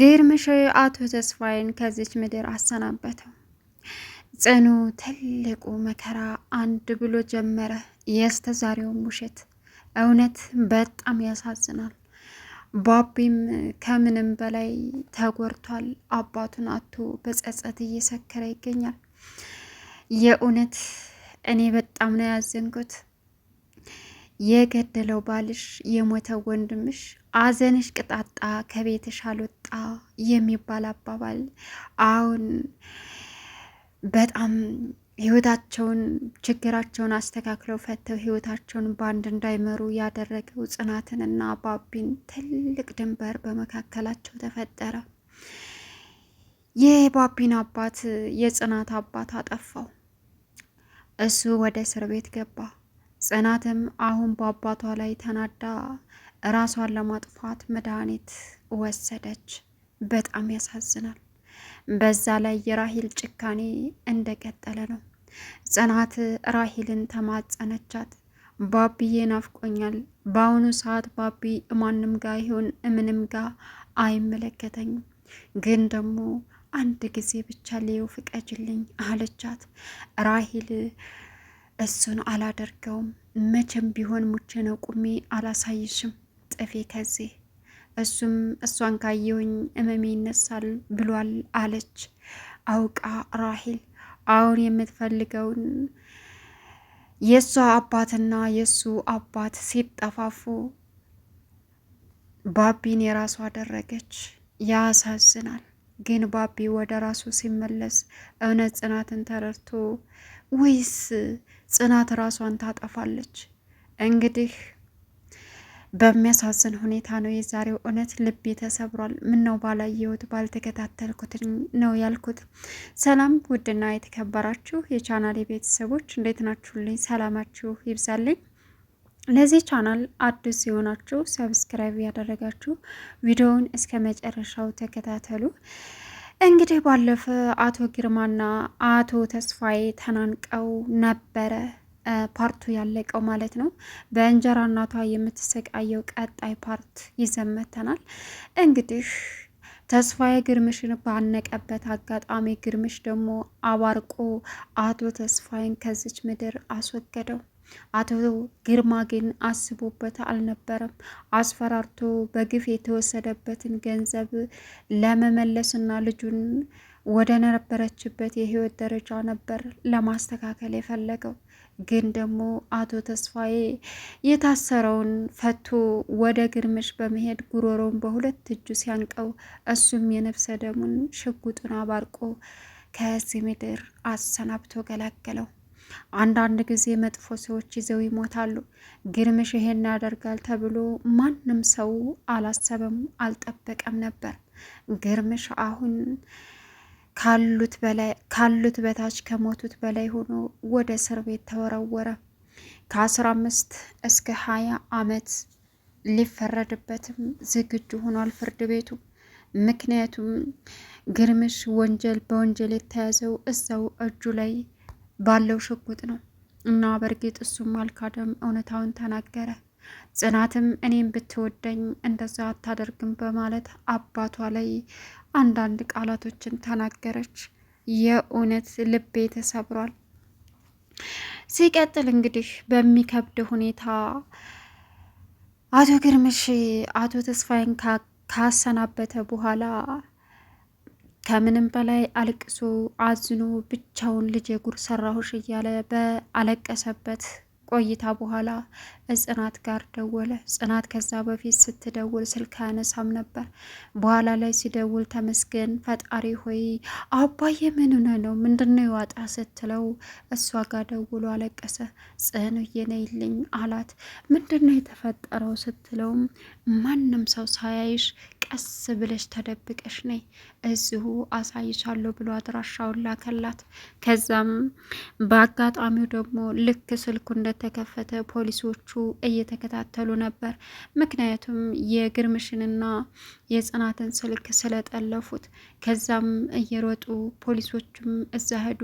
ግርምሽ አቶ ተስፋዬን ከዚች ምድር አሰናበተው። ጽኑ ትልቁ መከራ አንድ ብሎ ጀመረ። የስተዛሬውን ውሸት እውነት በጣም ያሳዝናል። ባቢም ከምንም በላይ ተጎርቷል አባቱን አቶ በጸጸት እየሰከረ ይገኛል። የእውነት እኔ በጣም ነው ያዘንኩት። የገደለው ባልሽ፣ የሞተው ወንድምሽ፣ አዘንሽ ቅጣጣ ከቤትሽ አልወጣ የሚባል አባባል አሁን በጣም ህይወታቸውን ችግራቸውን አስተካክለው ፈተው ህይወታቸውን በአንድ እንዳይመሩ ያደረገው ጽናትንና ባቢን ትልቅ ድንበር በመካከላቸው ተፈጠረ። የባቢን አባት የጽናት አባት አጠፋው። እሱ ወደ እስር ቤት ገባ። ጽናትም አሁን በአባቷ ላይ ተናዳ ራሷን ለማጥፋት መድኃኒት ወሰደች። በጣም ያሳዝናል። በዛ ላይ የራሂል ጭካኔ እንደቀጠለ ነው። ጽናት ራሂልን ተማጸነቻት። ባቢዬ ናፍቆኛል። በአሁኑ ሰዓት ባቢ ማንም ጋ ይሁን ምንም ጋ አይመለከተኝም፣ ግን ደግሞ አንድ ጊዜ ብቻ ልየው ፍቀጅልኝ አለቻት ራሂል እሱን አላደርገውም። መቼም ቢሆን ሙቼ ነው ቁሜ አላሳይሽም፣ ጥፊ ከዚህ እሱም እሷን ካየውኝ እመሜ ይነሳል ብሏል አለች። አውቃ ራሂል አሁን የምትፈልገውን የእሷ አባትና የእሱ አባት ሲጠፋፉ ባቢን የራሱ አደረገች። ያሳዝናል። ግን ባቢ ወደ ራሱ ሲመለስ እውነት ጽናትን ተረድቶ ወይስ ጽናት ራሷን ታጠፋለች። እንግዲህ በሚያሳዝን ሁኔታ ነው የዛሬው። እውነት ልቤ ተሰብሯል። ምን ነው ባላየሁት ባልተከታተልኩት ነው ያልኩት። ሰላም ውድና የተከበራችሁ የቻናል የቤተሰቦች እንዴት ናችሁልኝ? ሰላማችሁ ይብዛልኝ። ለዚህ ቻናል አዲስ ሲሆናችሁ ሰብስክራይብ ያደረጋችሁ ቪዲዮውን እስከ መጨረሻው ተከታተሉ። እንግዲህ ባለፈ አቶ ግርማና አቶ ተስፋዬ ተናንቀው ነበረ ፓርቱ ያለቀው ማለት ነው። በእንጀራ እናቷ የምትሰቃየው ቀጣይ ፓርት ይዘመተናል። እንግዲህ ተስፋዬ ግርምሽን ባነቀበት አጋጣሚ ግርምሽ ደግሞ አባርቆ አቶ ተስፋዬን ከዚች ምድር አስወገደው። አቶ ግርማ ግን አስቦበት አልነበረም። አስፈራርቶ በግፍ የተወሰደበትን ገንዘብ ለመመለስና ልጁን ወደ ነበረችበት የህይወት ደረጃ ነበር ለማስተካከል የፈለገው። ግን ደግሞ አቶ ተስፋዬ የታሰረውን ፈቶ ወደ ግርምሽ በመሄድ ጉሮሮውን በሁለት እጁ ሲያንቀው እሱም የነፍሰ ደሙን ሽጉጡን አባርቆ ከዚህ ምድር አሰናብቶ ገላገለው። አንዳንድ ጊዜ መጥፎ ሰዎች ይዘው ይሞታሉ። ግርምሽ ይሄን ያደርጋል ተብሎ ማንም ሰው አላሰበም አልጠበቀም ነበር። ግርምሽ አሁን ካሉት በላይ ካሉት በታች ከሞቱት በላይ ሆኖ ወደ እስር ቤት ተወረወረ። ከአስራ አምስት እስከ ሀያ አመት ሊፈረድበትም ዝግጁ ሆኗል ፍርድ ቤቱ። ምክንያቱም ግርምሽ ወንጀል በወንጀል የተያዘው እዛው እጁ ላይ ባለው ሽጉጥ ነው እና በእርግጥ እሱም አልካደም፣ እውነታውን ተናገረ። ጽናትም እኔም ብትወደኝ እንደዛ አታደርግም በማለት አባቷ ላይ አንዳንድ ቃላቶችን ተናገረች። የእውነት ልቤ ተሰብሯል። ሲቀጥል እንግዲህ በሚከብድ ሁኔታ አቶ ግርምሽ አቶ ተስፋዬን ካሰናበተ በኋላ ከምንም በላይ አልቅሶ አዝኖ ብቻውን ልጄ ጉድ ሰራሁሽ እያለ በአለቀሰበት ቆይታ በኋላ ጽናት ጋር ደወለ። ጽናት ከዛ በፊት ስትደውል ስልክ አያነሳም ነበር። በኋላ ላይ ሲደውል ተመስገን ፈጣሪ ሆይ አባዬ ምን ሆነ ነው ምንድነው የዋጣ ስትለው እሷ ጋር ደውሎ አለቀሰ። ጽኑ እየነይልኝ አላት። ምንድነው የተፈጠረው ስትለውም ማንም ሰው ሳያይሽ ቀስ ብለሽ ተደብቀሽ ነይ እዚሁ አሳይሻለሁ ብሎ አድራሻውን ላከላት። ከዛም በአጋጣሚው ደግሞ ልክ ስልኩ እንደተከፈተ ፖሊሶቹ እየተከታተሉ ነበር። ምክንያቱም የግርምሽንና የጽናትን ስልክ ስለጠለፉት። ከዛም እየሮጡ ፖሊሶቹም እዛ ሄዱ።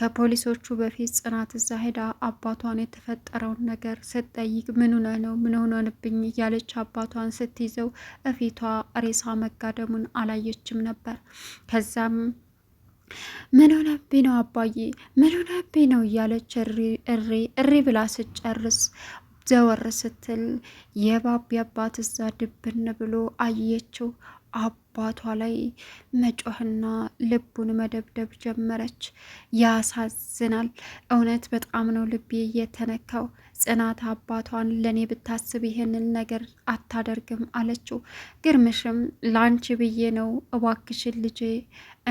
ከፖሊሶቹ በፊት ጽናት እዛ ሄዳ አባቷን የተፈጠረውን ነገር ስትጠይቅ ምን ሆነ ነው ምን ሆነንብኝ እያለች አባቷን ስትይዘው እፊቷ ሬሳ መጋደሙን አላየችም ነበር። ከዛም ምን ሆነብኝ ነው አባዬ ምን ሆነብኝ ነው እያለች እሪ እሪ እሪ ብላ ስጨርስ ዘወር ስትል የባቢ አባት እዛ ድብን ብሎ አየችው። አባቷ ላይ መጮህና ልቡን መደብደብ ጀመረች። ያሳዝናል። እውነት በጣም ነው ልቤ እየተነካው። ጽናት አባቷን ለእኔ ብታስብ ይህንን ነገር አታደርግም አለችው። ግርምሽም ላንቺ ብዬ ነው እባክሽን ልጄ፣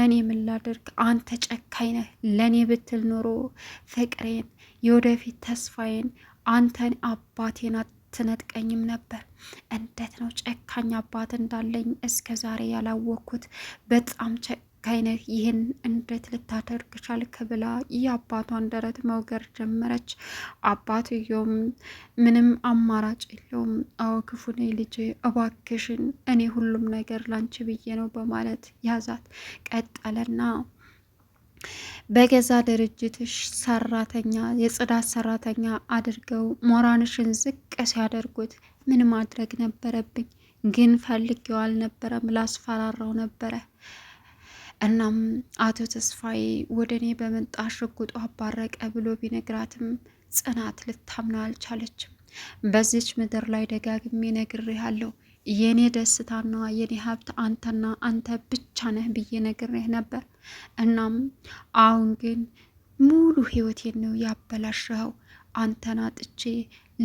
እኔ ምን ላደርግ? አንተ ጨካኝ ነህ። ለእኔ ብትል ኖሮ ፍቅሬን፣ የወደፊት ተስፋዬን አንተን አባቴን አትነጥቀኝም ነበር። እንዴት ነው ጨካኝ አባት እንዳለኝ እስከ ዛሬ ያላወቅኩት? በጣም ጨካኝ ነህ፣ ይህን እንዴት ልታደርግ ቻልክ? ብላ የአባቷን ደረት መውገር ጀመረች። አባትየውም ምንም አማራጭ የለውም። አዎ ክፉ ነኝ ልጄ፣ እባክሽን፣ እኔ ሁሉም ነገር ላንቺ ብዬ ነው በማለት ያዛት ቀጠለና በገዛ ድርጅትሽ ሰራተኛ የጽዳት ሰራተኛ አድርገው ሞራንሽን ዝቅ ሲያደርጉት ምን ማድረግ ነበረብኝ? ግን ፈልጌው አልነበረም፣ ላስፈራራው ነበረ። እናም አቶ ተስፋዬ ወደ እኔ በመጣ ሽጉጡ አባረቀ ብሎ ቢነግራትም ጽናት ልታምነው አልቻለችም። በዚች ምድር ላይ ደጋግሜ ነግሬሃለሁ የኔ ደስታና የኔ ሀብት አንተና አንተ ብቻ ነህ ብዬ ነግሬህ ነበር። እናም አሁን ግን ሙሉ ህይወቴን ነው ያበላሸኸው። አንተን አጥቼ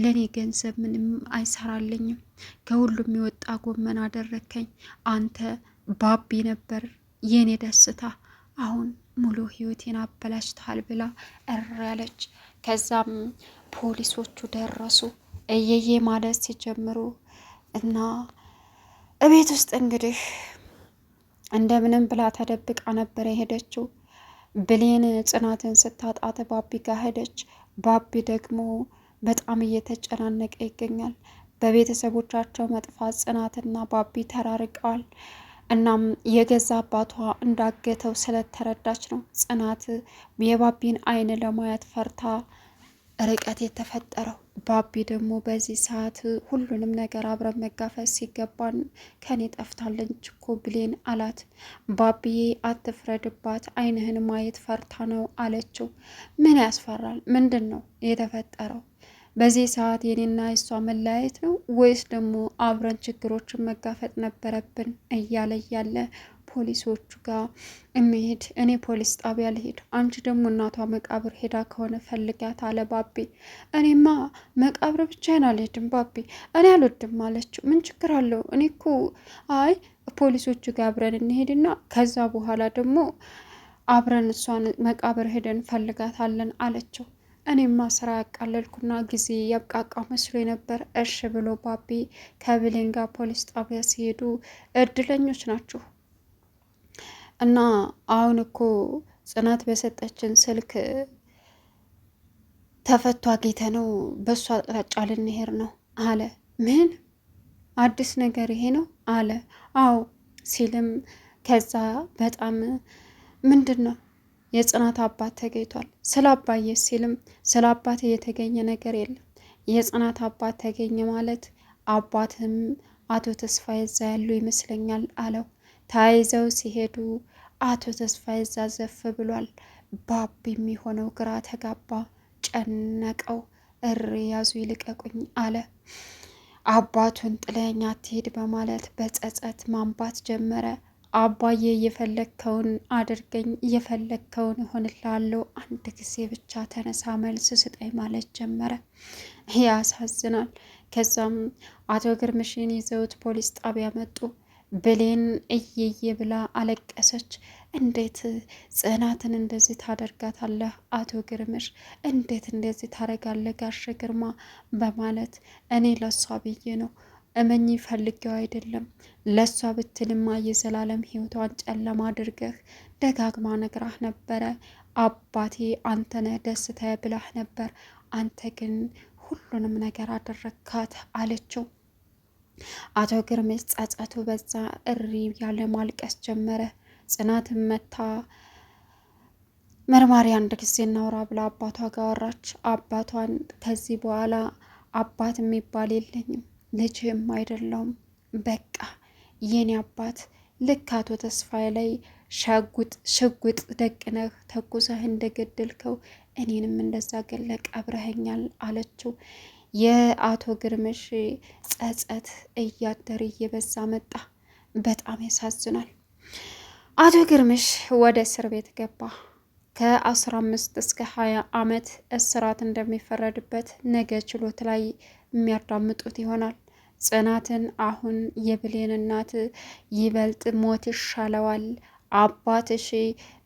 ለእኔ ገንዘብ ምንም አይሰራልኝም። ከሁሉም የወጣ ጎመን አደረከኝ። አንተ ባቢ ነበር የኔ ደስታ፣ አሁን ሙሉ ህይወቴን አበላሽተሃል ብላ እር ያለች። ከዛም ፖሊሶቹ ደረሱ። እየዬ ማለት ሲጀምሩ እና እቤት ውስጥ እንግዲህ እንደምንም ብላ ተደብቃ ነበር የሄደችው። ብሌን ጽናትን ስታጣት ባቢ ጋር ሄደች። ባቢ ደግሞ በጣም እየተጨናነቀ ይገኛል። በቤተሰቦቻቸው መጥፋት ጽናትና ባቢ ተራርቀዋል። እናም የገዛ አባቷ እንዳገተው ስለተረዳች ነው ጽናት የባቢን አይን ለማየት ፈርታ ርቀት የተፈጠረው። ባቢ ደግሞ በዚህ ሰዓት ሁሉንም ነገር አብረን መጋፈጥ ሲገባን ከኔ ጠፍታለች እኮ ብሌን አላት። ባቢዬ አትፍረድባት፣ አይንህን ማየት ፈርታ ነው አለችው። ምን ያስፈራል? ምንድን ነው የተፈጠረው? በዚህ ሰዓት የኔና እሷ መለያየት ነው ወይስ ደግሞ አብረን ችግሮችን መጋፈጥ ነበረብን? እያለ እያለ ፖሊሶቹ ጋር እንሄድ፣ እኔ ፖሊስ ጣቢያ ልሄድ፣ አንቺ ደግሞ እናቷ መቃብር ሄዳ ከሆነ ፈልጊያት አለ ባቢ። እኔማ መቃብር ብቻዬን አልሄድም ባቢ፣ እኔ አልወድም አለችው። ምን ችግር አለው? እኔ እኮ አይ ፖሊሶቹ ጋር አብረን እንሄድና ከዛ በኋላ ደግሞ አብረን እሷን መቃብር ሄደን ፈልጋታለን አለችው። እኔማ ስራ ያቃለልኩና ጊዜ ያብቃቃ መስሎ ነበር። እሽ ብሎ ባቢ ከብሌን ጋር ፖሊስ ጣቢያ ሲሄዱ እድለኞች ናችሁ እና አሁን እኮ ጽናት በሰጠችን ስልክ ተፈቶ አጌተ ነው በእሱ አቅጣጫ ልንሄድ ነው አለ። ምን አዲስ ነገር ይሄ ነው አለ። አዎ ሲልም ከዛ በጣም ምንድን ነው የጽናት አባት ተገኝቷል። ስለ አባዬ ሲልም ስለ አባት የተገኘ ነገር የለም። የጽናት አባት ተገኘ ማለት አባትም አቶ ተስፋዬ እዛ ያሉ ይመስለኛል አለው። ተያይዘው ሲሄዱ አቶ ተስፋ ይዛዘፍ ዘፍ ብሏል። ባብ የሚሆነው ግራ ተጋባ፣ ጨነቀው። እሪ ያዙ ይልቀቁኝ አለ። አባቱን ጥለኛ አትሄድ በማለት በጸጸት ማንባት ጀመረ። አባዬ እየፈለግከውን አድርገኝ፣ እየፈለግከውን እሆንልሃለሁ፣ አንድ ጊዜ ብቻ ተነሳ መልስ ስጠኝ ማለት ጀመረ። ያሳዝናል። ከዛም አቶ ግርምሽን ይዘውት ፖሊስ ጣቢያ መጡ። ብሌን እየየ ብላ አለቀሰች። እንዴት ጽናትን እንደዚህ ታደርጋታለህ? አቶ ግርምሽ እንዴት እንደዚህ ታደርጋለህ ጋሽ ግርማ በማለት እኔ ለሷ ብዬ ነው እመኝ ፈልጌው አይደለም። ለሷ ብትልማ የዘላለም ሕይወቷን ጨለማ አድርገህ ደጋግማ ነግራህ ነበረ። አባቴ አንተነህ ደስታ ብላህ ነበር። አንተ ግን ሁሉንም ነገር አደረግካት አለችው። አቶ ግርምስ ጸጸቱ በዛ፣ እሪ ያለ ማልቀስ ጀመረ። ጽናትን መታ መርማሪ አንድ ጊዜ እናውራ ብላ አባቷ ጋር አወራች። አባቷን ከዚህ በኋላ አባት የሚባል የለኝም ልጅህም አይደለውም በቃ የኔ አባት ልክ አቶ ተስፋዬ ላይ ሸጉጥ ሽጉጥ ደቅነህ ተኩሰህ እንደገደልከው እኔንም እንደዛ ገለቅ አብረኸኛል አለችው። የአቶ ግርምሽ ጸጸት እያደር እየበዛ መጣ። በጣም ያሳዝናል። አቶ ግርምሽ ወደ እስር ቤት ገባ። ከ15 እስከ 20 ዓመት እስራት እንደሚፈረድበት ነገ ችሎት ላይ የሚያዳምጡት ይሆናል። ጽናትን አሁን የብሌን እናት ይበልጥ ሞት ይሻለዋል አባትሽ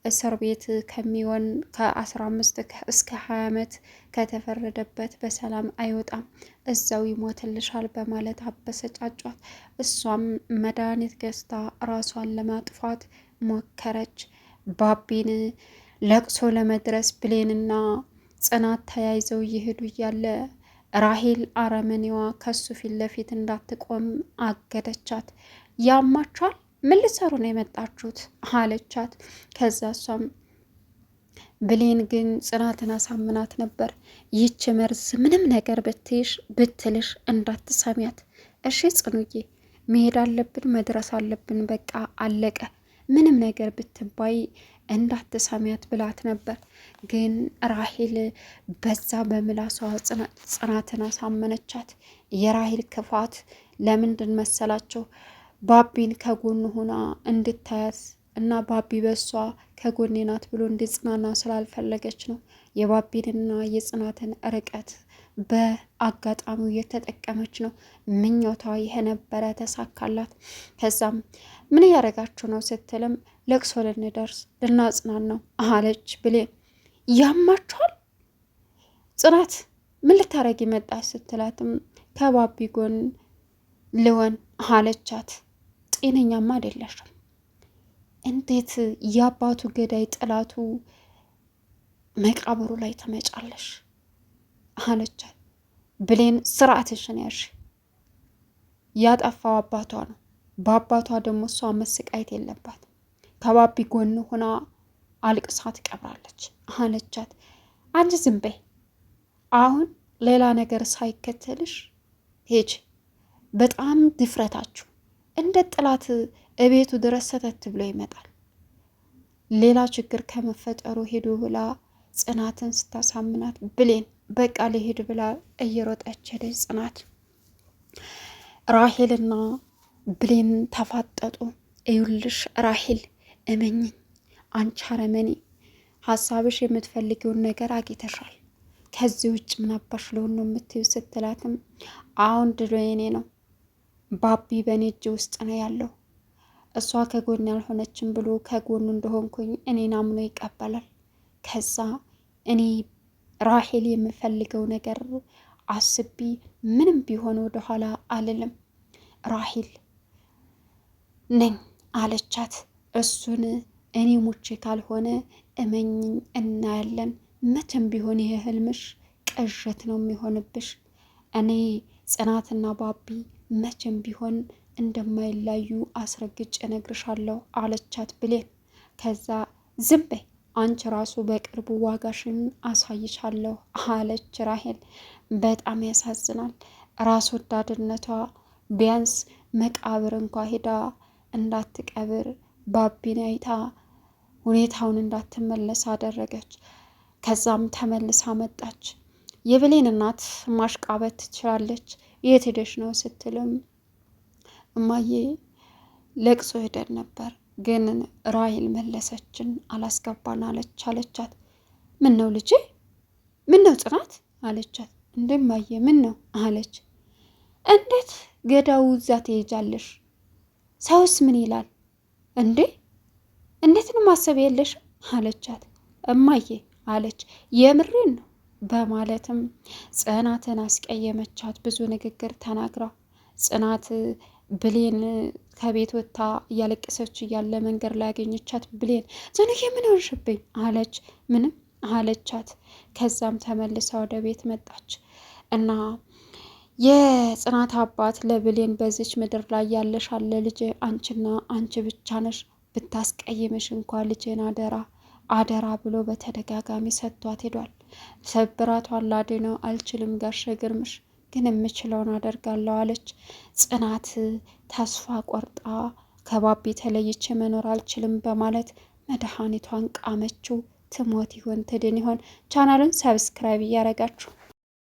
እስር ቤት ከሚሆን ከ15 እስከ 20 ዓመት ከተፈረደበት በሰላም አይወጣም፣ እዛው ይሞትልሻል በማለት አበሰጫጯት። እሷም መድኃኒት ገዝታ ራሷን ለማጥፋት ሞከረች። ባቢን ለቅሶ ለመድረስ ብሌንና ጽናት ተያይዘው እየሄዱ እያለ ራሄል አረመኔዋ ከሱ ፊት ለፊት እንዳትቆም አገደቻት። ያማቿል ምን ልትሰሩ ነው የመጣችሁት አለቻት። ከዛ እሷም ብሌን ግን ጽናትን አሳምናት ነበር። ይች መርዝ ምንም ነገር ብትይሽ ብትልሽ እንዳትሰሚያት እሺ ጽኑዬ፣ መሄድ አለብን መድረስ አለብን በቃ አለቀ፣ ምንም ነገር ብትባይ እንዳትሰሚያት ብላት ነበር። ግን ራሂል በዛ በምላሷ ጽናትን አሳመነቻት። የራሂል ክፋት ለምንድን መሰላቸው? ባቢን ከጎን ሆና እንድታያት እና ባቢ በሷ ከጎኔ ናት ብሎ እንድጽናና ስላልፈለገች ነው የባቢንና የጽናትን ርቀት በአጋጣሚው እየተጠቀመች ነው። ምኞቷ ይሄ ነበረ፣ ተሳካላት። ከዛም ምን እያደረጋችሁ ነው ስትልም ለቅሶ ልንደርስ ልናጽናን ነው አለች። ብሌን ያማችኋል ጽናት ምን ልታደረግ መጣች ስትላትም ከባቢ ጎን ልወን አለቻት። ጤነኛማ አይደለሽም። እንዴት የአባቱ ገዳይ ጠላቱ መቃብሩ ላይ ተመጫለሽ? አለቻት። ብሌን ስርዓትሽን ያሽ ያጠፋው አባቷ ነው። በአባቷ ደግሞ እሷ መስቃየት የለባት። ከባቢ ጎን ሆና አልቅሳ ትቀብራለች አለቻት። አንቺ ዝም በይ አሁን ሌላ ነገር ሳይከተልሽ ሄጅ። በጣም ድፍረታችሁ እንደ ጥላት እቤቱ ድረስ ሰተት ብሎ ይመጣል። ሌላ ችግር ከመፈጠሩ ሄዱ ብላ ጽናትን ስታሳምናት ብሌን በቃ ልሄድ ብላ እየሮጠች ሄደች። ጽናት ራሄልና ብሌን ተፋጠጡ። እዩልሽ ራሄል እመኝ አንቺ አረመኔ ሀሳብሽ የምትፈልጊውን ነገር አግኝተሻል። ከዚህ ውጭ ምናባሽ ለሆን ነው የምትዩ ስትላትም አሁን ድሎ የኔ ነው ባቢ በእኔ እጅ ውስጥ ነው ያለው እሷ ከጎን ያልሆነችም ብሎ ከጎኑ እንደሆንኩኝ እኔን አምኖ ይቀበላል። ከዛ እኔ ራሄል የምፈልገው ነገር አስቢ ምንም ቢሆን ወደኋላ አልልም። ራሄል ነኝ አለቻት። እሱን እኔ ሙቼ ካልሆነ እመኝ እናያለን። መቼም ቢሆን ይህ ህልምሽ ቅዠት ነው የሚሆንብሽ። እኔ ጽናትና ባቢ መቼም ቢሆን እንደማይለያዩ አስረግጬ እነግርሻለሁ አለቻት ብሌን። ከዛ ዝም በይ አንቺ ራሱ በቅርቡ ዋጋሽን አሳይሻለሁ አለች ራሄል። በጣም ያሳዝናል ራስ ወዳድነቷ። ቢያንስ መቃብር እንኳ ሄዳ እንዳትቀብር ባቢን አይታ ሁኔታውን እንዳትመለስ አደረገች። ከዛም ተመልሳ መጣች። የብሌን እናት ማሽቃበት ትችላለች። የት ሄደሽ ነው ስትልም እማዬ ለቅሶ ሄደን ነበር፣ ግን ራይል መለሰችን አላስገባን አለች አለቻት። ምን ነው ልጄ፣ ምን ነው ጽናት አለቻት። እንደ እማዬ ምን ነው አለች። እንዴት ገዳው እዛ ትሄጃለሽ? ሰውስ ምን ይላል እንዴ? እንዴት ነው ማሰብ የለሽ? አለቻት። እማዬ አለች የምሬን ነው በማለትም ጽናትን አስቀየመቻት። ብዙ ንግግር ተናግራ ጽናት ብሌን ከቤት ወጥታ እያለቀሰች እያለ መንገድ ላይ ያገኘቻት ብሌን ጽንዬ ምን ሆንሽብኝ አለች። ምንም አለቻት። ከዛም ተመልሳ ወደ ቤት መጣች እና የጽናት አባት ለብሌን በዚች ምድር ላይ ያለሻለ ልጅ አንቺና አንቺ ብቻ ነሽ፣ ብታስቀይምሽ እንኳ ልጅን አደራ አደራ ብሎ በተደጋጋሚ ሰጥቷት ሄዷል። ሰብራቷ አላዴ ነው። አልችልም ጋሼ ግርምሽ፣ ግን የምችለውን አደርጋለሁ አለች ጽናት። ተስፋ ቆርጣ ከባቢ ተለይቼ መኖር አልችልም በማለት መድኃኒቷን ቃመችው። ትሞት ይሆን ትድን ይሆን? ቻናሉን ሰብስክራይብ እያረጋችሁ